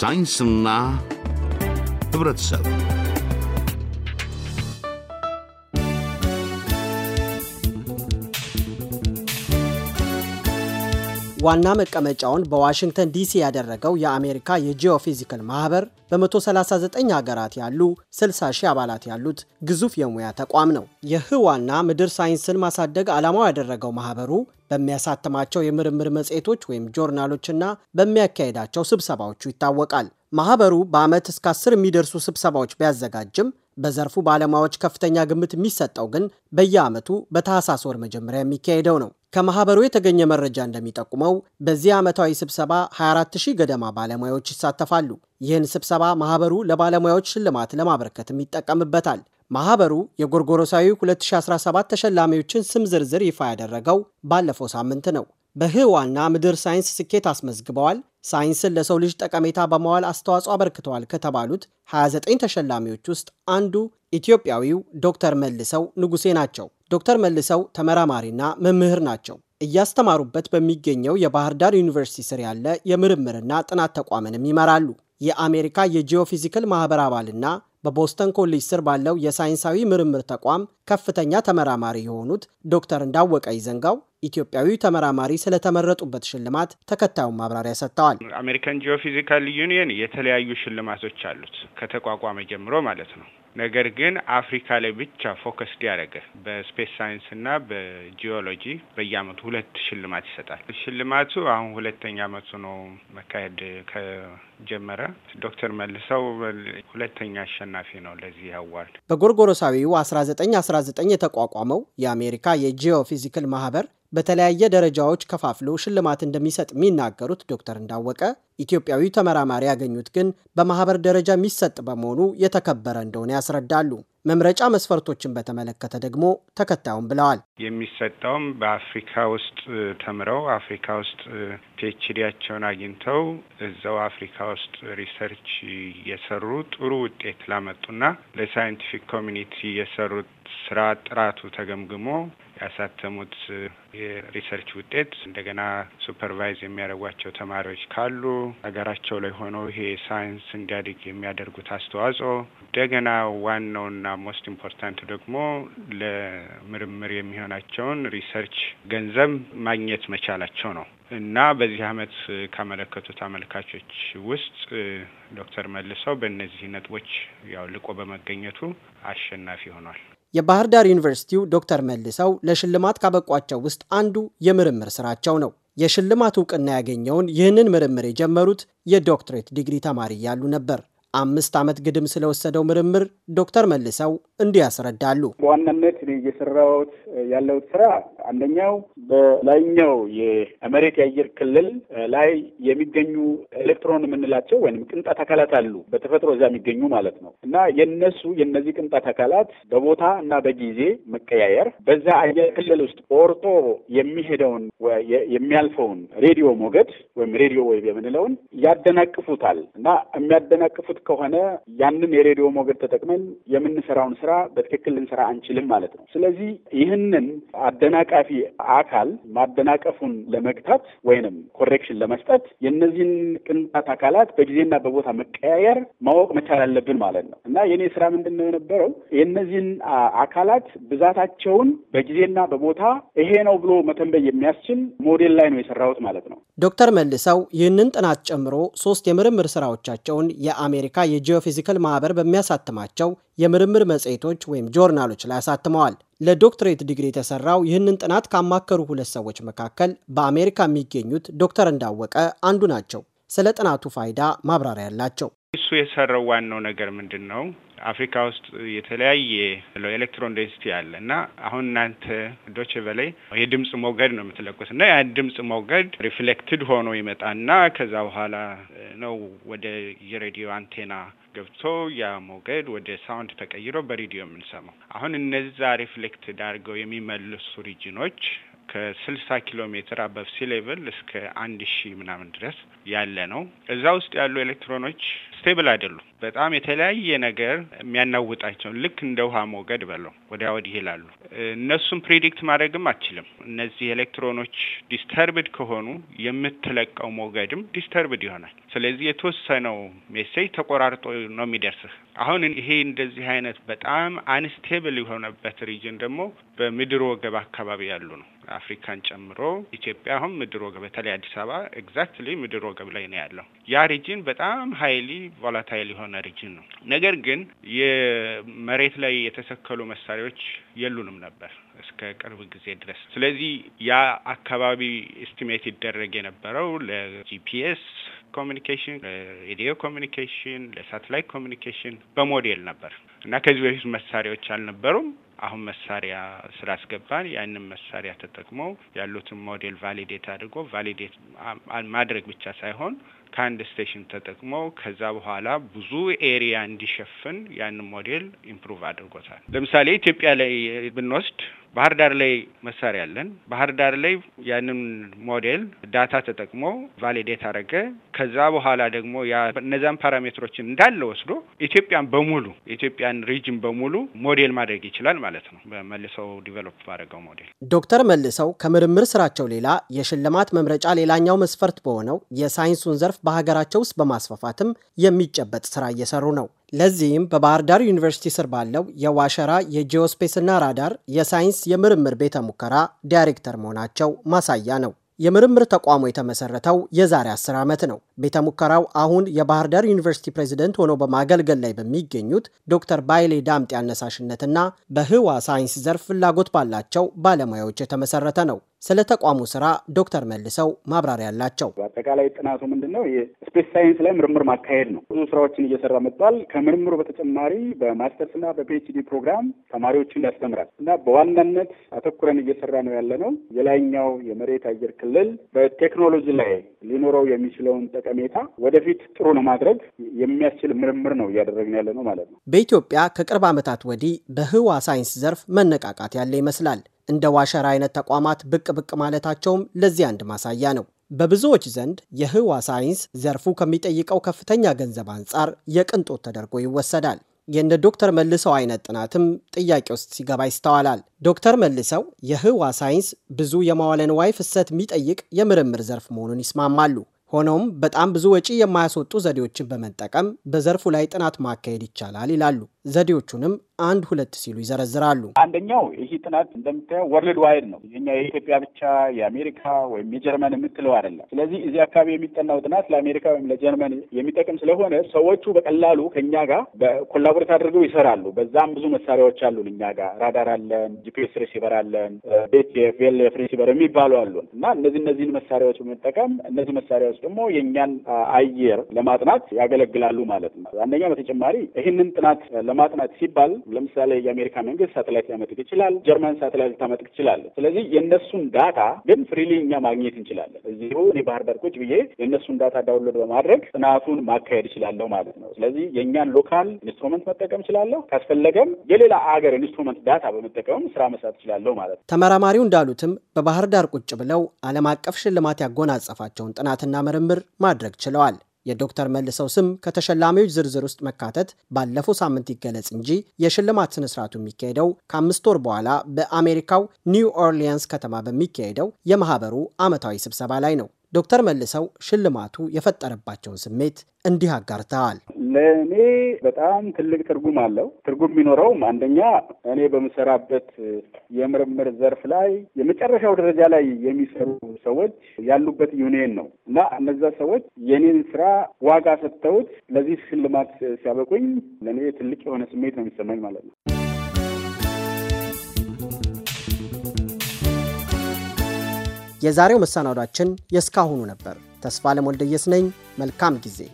ሳይንስና ህብረተሰብ ዋና መቀመጫውን በዋሽንግተን ዲሲ ያደረገው የአሜሪካ የጂኦፊዚካል ማህበር በ139 ሀገራት ያሉ 60 ሺህ አባላት ያሉት ግዙፍ የሙያ ተቋም ነው። የህዋና ምድር ሳይንስን ማሳደግ ዓላማው ያደረገው ማህበሩ በሚያሳትማቸው የምርምር መጽሔቶች ወይም ጆርናሎችና በሚያካሄዳቸው ስብሰባዎቹ ይታወቃል። ማህበሩ በዓመት እስከ 10 የሚደርሱ ስብሰባዎች ቢያዘጋጅም በዘርፉ ባለሙያዎች ከፍተኛ ግምት የሚሰጠው ግን በየዓመቱ በታህሳስ ወር መጀመሪያ የሚካሄደው ነው። ከማህበሩ የተገኘ መረጃ እንደሚጠቁመው በዚህ ዓመታዊ ስብሰባ 24000 ገደማ ባለሙያዎች ይሳተፋሉ። ይህን ስብሰባ ማህበሩ ለባለሙያዎች ሽልማት ለማበረከትም ይጠቀምበታል። ማህበሩ የጎርጎሮሳዊ 2017 ተሸላሚዎችን ስም ዝርዝር ይፋ ያደረገው ባለፈው ሳምንት ነው። በህዋና ምድር ሳይንስ ስኬት አስመዝግበዋል። ሳይንስን ለሰው ልጅ ጠቀሜታ በመዋል አስተዋጽኦ አበርክተዋል ከተባሉት 29 ተሸላሚዎች ውስጥ አንዱ ኢትዮጵያዊው ዶክተር መልሰው ንጉሴ ናቸው። ዶክተር መልሰው ተመራማሪና መምህር ናቸው። እያስተማሩበት በሚገኘው የባህር ዳር ዩኒቨርሲቲ ስር ያለ የምርምርና ጥናት ተቋምንም ይመራሉ። የአሜሪካ የጂኦፊዚካል ማህበር አባልና በቦስተን ኮሌጅ ስር ባለው የሳይንሳዊ ምርምር ተቋም ከፍተኛ ተመራማሪ የሆኑት ዶክተር እንዳወቀ ይዘንጋው ኢትዮጵያዊ ተመራማሪ ስለተመረጡበት ሽልማት ተከታዩን ማብራሪያ ሰጥተዋል። አሜሪካን ጂኦፊዚካል ዩኒየን የተለያዩ ሽልማቶች አሉት ከተቋቋመ ጀምሮ ማለት ነው። ነገር ግን አፍሪካ ላይ ብቻ ፎከስ ያደረገ በስፔስ እና በጂኦሎጂ በየአመቱ ሁለት ሽልማት ይሰጣል። ሽልማቱ አሁን ሁለተኛ አመቱ ነው መካሄድ ከጀመረ። ዶክተር መልሰው ሁለተኛ አሸናፊ ነው ለዚህ አዋርድ በጎርጎሮሳዊው አስራ ዘጠኝ አስራ የተቋቋመው የአሜሪካ የጂኦፊዚክል ማህበር በተለያየ ደረጃዎች ከፋፍሎ ሽልማት እንደሚሰጥ የሚናገሩት ዶክተር እንዳወቀ ኢትዮጵያዊ ተመራማሪ ያገኙት ግን በማህበር ደረጃ የሚሰጥ በመሆኑ የተከበረ እንደሆነ ያስረዳሉ። መምረጫ መስፈርቶችን በተመለከተ ደግሞ ተከታዩም ብለዋል። የሚሰጠውም በአፍሪካ ውስጥ ተምረው አፍሪካ ውስጥ ፒኤችዲያቸውን አግኝተው እዛው አፍሪካ ውስጥ ሪሰርች የሰሩ ጥሩ ውጤት ላመጡና ለሳይንቲፊክ ኮሚኒቲ የሰሩት ስራ ጥራቱ ተገምግሞ ያሳተሙት uh, የሪሰርች ውጤት እንደገና ሱፐርቫይዝ የሚያደርጓቸው ተማሪዎች ካሉ ሀገራቸው ላይ ሆነው ይሄ ሳይንስ እንዲያድግ የሚያደርጉት አስተዋጽኦ እንደገና ዋናውና ሞስት ኢምፖርታንት ደግሞ ለምርምር የሚሆናቸውን ሪሰርች ገንዘብ ማግኘት መቻላቸው ነው እና በዚህ አመት ካመለከቱት አመልካቾች ውስጥ uh, ዶክተር መልሰው በእነዚህ ነጥቦች ያው ልቆ በመገኘቱ አሸናፊ ሆኗል። የባህር ዳር ዩኒቨርሲቲው ዶክተር መልሰው ለሽልማት ካበቋቸው ውስጥ አንዱ የምርምር ስራቸው ነው። የሽልማት እውቅና ያገኘውን ይህንን ምርምር የጀመሩት የዶክትሬት ዲግሪ ተማሪ እያሉ ነበር። አምስት ዓመት ግድም ስለወሰደው ምርምር ዶክተር መልሰው እንዲህ ያስረዳሉ። በዋናነት እየሰራሁት ያለሁት ስራ አንደኛው በላይኛው የመሬት የአየር ክልል ላይ የሚገኙ ኤሌክትሮን የምንላቸው ወይም ቅንጣት አካላት አሉ፣ በተፈጥሮ እዛ የሚገኙ ማለት ነው እና የነሱ የነዚህ ቅንጣት አካላት በቦታ እና በጊዜ መቀያየር በዛ አየር ክልል ውስጥ ቆርጦ የሚሄደውን የሚያልፈውን ሬዲዮ ሞገድ ወይም ሬዲዮ ወይ የምንለውን ያደናቅፉታል እና የሚያደናቅፉት የሚያስቀምጥ ከሆነ ያንን የሬዲዮ ሞገድ ተጠቅመን የምንሰራውን ስራ በትክክል ልንሰራ አንችልም ማለት ነው። ስለዚህ ይህንን አደናቃፊ አካል ማደናቀፉን ለመግታት ወይንም ኮሬክሽን ለመስጠት የእነዚህን ቅንጣት አካላት በጊዜና በቦታ መቀያየር ማወቅ መቻል አለብን ማለት ነው እና የኔ ስራ ምንድን ነው የነበረው የእነዚህን አካላት ብዛታቸውን በጊዜና በቦታ ይሄ ነው ብሎ መተንበይ የሚያስችል ሞዴል ላይ ነው የሰራሁት ማለት ነው። ዶክተር መልሰው ይህንን ጥናት ጨምሮ ሶስት የምርምር ስራዎቻቸውን የአሜሪካ የአሜሪካ የጂኦፊዚካል ማህበር በሚያሳትማቸው የምርምር መጽሔቶች ወይም ጆርናሎች ላይ አሳትመዋል። ለዶክትሬት ዲግሪ የተሰራው ይህንን ጥናት ካማከሩ ሁለት ሰዎች መካከል በአሜሪካ የሚገኙት ዶክተር እንዳወቀ አንዱ ናቸው። ስለ ጥናቱ ፋይዳ ማብራሪያ ያላቸው እሱ የሰራው ዋናው ነገር ምንድን ነው? አፍሪካ ውስጥ የተለያየ ኤሌክትሮን ዴንሲቲ አለ እና አሁን እናንተ ዶች በላይ የድምጽ ሞገድ ነው የምትለቁት እና ያ ድምጽ ሞገድ ሪፍሌክትድ ሆኖ ይመጣና ከዛ በኋላ ነው ወደ የሬዲዮ አንቴና ገብቶ ያ ሞገድ ወደ ሳውንድ ተቀይሮ በሬዲዮ የምንሰማው። አሁን እነዛ ሪፍሌክትድ አድርገው የሚመልሱ ሪጅኖች ከስልሳ ኪሎ ሜትር አበብ ሲ ሌቭል እስከ አንድ ሺህ ምናምን ድረስ ያለ ነው። እዛ ውስጥ ያሉ ኤሌክትሮኖች ስቴብል አይደሉም። በጣም የተለያየ ነገር የሚያናውጣቸው ልክ እንደ ውሃ ሞገድ በለው ወዲያ ወዲህ ይላሉ። እነሱን ፕሪዲክት ማድረግም አችልም። እነዚህ ኤሌክትሮኖች ዲስተርብድ ከሆኑ የምትለቀው ሞገድም ዲስተርብድ ይሆናል። ስለዚህ የተወሰነው ሜሴጅ ተቆራርጦ ነው የሚደርስህ። አሁን ይሄ እንደዚህ አይነት በጣም አንስቴብል የሆነበት ሪጅን ደግሞ በምድር ወገብ አካባቢ ያሉ ነው። አፍሪካን ጨምሮ ኢትዮጵያ አሁን ምድር ወገብ በተለይ አዲስ አበባ ኤግዛክትሊ ምድር ወገብ ላይ ነው ያለው። ያ ሪጅን በጣም ሀይሊ ቮላታይል የሆነ ሪጅን ነው። ነገር ግን የመሬት ላይ የተሰከሉ መሳሪያዎች የሉንም ነበር እስከ ቅርብ ጊዜ ድረስ። ስለዚህ ያ አካባቢ ኤስቲሜት ይደረግ የነበረው ለጂፒኤስ ኮሚኒኬሽን፣ ለሬዲዮ ኮሚኒኬሽን፣ ለሳተላይት ኮሚኒኬሽን በሞዴል ነበር እና ከዚህ በፊት መሳሪያዎች አልነበሩም። አሁን መሳሪያ ስላስገባን ያንን መሳሪያ ተጠቅመው ያሉትን ሞዴል ቫሊዴት አድርጎ ቫሊዴት ማድረግ ብቻ ሳይሆን ከአንድ ስቴሽን ተጠቅሞ ከዛ በኋላ ብዙ ኤሪያ እንዲሸፍን ያንን ሞዴል ኢምፕሩቭ አድርጎታል። ለምሳሌ ኢትዮጵያ ላይ ብንወስድ ባህር ዳር ላይ መሳሪያ አለን። ባህር ዳር ላይ ያንን ሞዴል ዳታ ተጠቅሞ ቫሊዴት አረገ። ከዛ በኋላ ደግሞ እነዛን ፓራሜትሮችን እንዳለ ወስዶ ኢትዮጵያን በሙሉ ኢትዮጵያን ሪጅን በሙሉ ሞዴል ማድረግ ይችላል ማለት ማለት ነው በመልሰው ዲቨሎፕ ባደረገው ሞዴል። ዶክተር መልሰው ከምርምር ስራቸው ሌላ የሽልማት መምረጫ ሌላኛው መስፈርት በሆነው የሳይንሱን ዘርፍ በሀገራቸው ውስጥ በማስፋፋትም የሚጨበጥ ስራ እየሰሩ ነው። ለዚህም በባህር ዳር ዩኒቨርሲቲ ስር ባለው የዋሸራ የጂኦስፔስና ራዳር የሳይንስ የምርምር ቤተ ሙከራ ዳይሬክተር መሆናቸው ማሳያ ነው። የምርምር ተቋሙ የተመሰረተው የዛሬ 10 ዓመት ነው። ቤተ ሙከራው አሁን የባህር ዳር ዩኒቨርሲቲ ፕሬዝደንት ሆነው በማገልገል ላይ በሚገኙት ዶክተር ባይሌ ዳምጤ አነሳሽነትና በህዋ ሳይንስ ዘርፍ ፍላጎት ባላቸው ባለሙያዎች የተመሰረተ ነው። ስለ ተቋሙ ስራ ዶክተር መልሰው ማብራሪያ አላቸው። በአጠቃላይ ጥናቱ ምንድን ነው? የስፔስ ሳይንስ ላይ ምርምር ማካሄድ ነው። ብዙ ስራዎችን እየሰራ መጥቷል። ከምርምሩ በተጨማሪ በማስተርስ እና በፒኤችዲ ፕሮግራም ተማሪዎችን ያስተምራል እና በዋናነት አተኩረን እየሰራ ነው ያለነው የላይኛው የመሬት አየር ክልል በቴክኖሎጂ ላይ ሊኖረው የሚችለውን ጠቀሜታ ወደፊት ጥሩ ማድረግ የሚያስችል ምርምር ነው እያደረግን ያለ ነው ማለት ነው። በኢትዮጵያ ከቅርብ ዓመታት ወዲህ በህዋ ሳይንስ ዘርፍ መነቃቃት ያለ ይመስላል። እንደ ዋሸራ አይነት ተቋማት ብቅ ብቅ ማለታቸውም ለዚህ አንድ ማሳያ ነው። በብዙዎች ዘንድ የህዋ ሳይንስ ዘርፉ ከሚጠይቀው ከፍተኛ ገንዘብ አንጻር የቅንጦት ተደርጎ ይወሰዳል። የእንደ ዶክተር መልሰው አይነት ጥናትም ጥያቄ ውስጥ ሲገባ ይስተዋላል። ዶክተር መልሰው የህዋ ሳይንስ ብዙ የመዋለ ንዋይ ፍሰት የሚጠይቅ የምርምር ዘርፍ መሆኑን ይስማማሉ። ሆኖም በጣም ብዙ ወጪ የማያስወጡ ዘዴዎችን በመጠቀም በዘርፉ ላይ ጥናት ማካሄድ ይቻላል ይላሉ። ዘዴዎቹንም አንድ ሁለት ሲሉ ይዘረዝራሉ። አንደኛው ይህ ጥናት እንደምታየው ወርልድ ዋይድ ነው። ኛ የኢትዮጵያ ብቻ የአሜሪካ ወይም የጀርመን የምትለው አይደለም። ስለዚህ እዚህ አካባቢ የሚጠናው ጥናት ለአሜሪካ ወይም ለጀርመን የሚጠቅም ስለሆነ ሰዎቹ በቀላሉ ከኛ ጋር በኮላቦሬት አድርገው ይሰራሉ። በዛም ብዙ መሳሪያዎች አሉን። እኛ ጋር ራዳር አለን፣ ጂፒኤስ ሪሲቨር አለን፣ ቤትኤፍ ቬልፍ ሪሲቨር የሚባሉ አሉን እና እነዚህ እነዚህን መሳሪያዎች በመጠቀም እነዚህ መሳሪያዎች ደግሞ የእኛን አየር ለማጥናት ያገለግላሉ ማለት ነው። አንደኛው በተጨማሪ ይህንን ጥናት ለማጥናት ሲባል ለምሳሌ የአሜሪካ መንግስት ሳተላይት ሊያመጥቅ ይችላል። ጀርመን ሳተላይት ልታመጥቅ ትችላለች። ስለዚህ የእነሱን ዳታ ግን ፍሪሊ እኛ ማግኘት እንችላለን። እዚሁ እኔ ባህር ዳር ቁጭ ብዬ የእነሱን ዳታ ዳውንሎድ በማድረግ ጥናቱን ማካሄድ እችላለሁ ማለት ነው። ስለዚህ የእኛን ሎካል ኢንስትሩመንት መጠቀም እችላለሁ። ካስፈለገም የሌላ አገር ኢንስትሩመንት ዳታ በመጠቀም ስራ መስራት እችላለሁ ማለት ነው። ተመራማሪው እንዳሉትም በባህር ዳር ቁጭ ብለው ዓለም አቀፍ ሽልማት ያጎናጸፋቸውን ጥናትና ምርምር ማድረግ ችለዋል። የዶክተር መልሰው ስም ከተሸላሚዎች ዝርዝር ውስጥ መካተት ባለፈው ሳምንት ይገለጽ እንጂ የሽልማት ስነስርዓቱ የሚካሄደው ከአምስት ወር በኋላ በአሜሪካው ኒው ኦርሊያንስ ከተማ በሚካሄደው የማህበሩ ዓመታዊ ስብሰባ ላይ ነው። ዶክተር መልሰው ሽልማቱ የፈጠረባቸውን ስሜት እንዲህ አጋርተዋል። ለእኔ በጣም ትልቅ ትርጉም አለው። ትርጉም የሚኖረውም አንደኛ እኔ በምሰራበት የምርምር ዘርፍ ላይ የመጨረሻው ደረጃ ላይ የሚሰሩ ሰዎች ያሉበት ዩኒየን ነው እና እነዛ ሰዎች የኔን ስራ ዋጋ ሰጥተውት ለዚህ ሽልማት ሲያበቁኝ ለእኔ ትልቅ የሆነ ስሜት ነው የሚሰማኝ ማለት ነው። የዛሬው መሰናዷችን የእስካሁኑ ነበር። ተስፋ ለሞልደየስ ነኝ። መልካም ጊዜ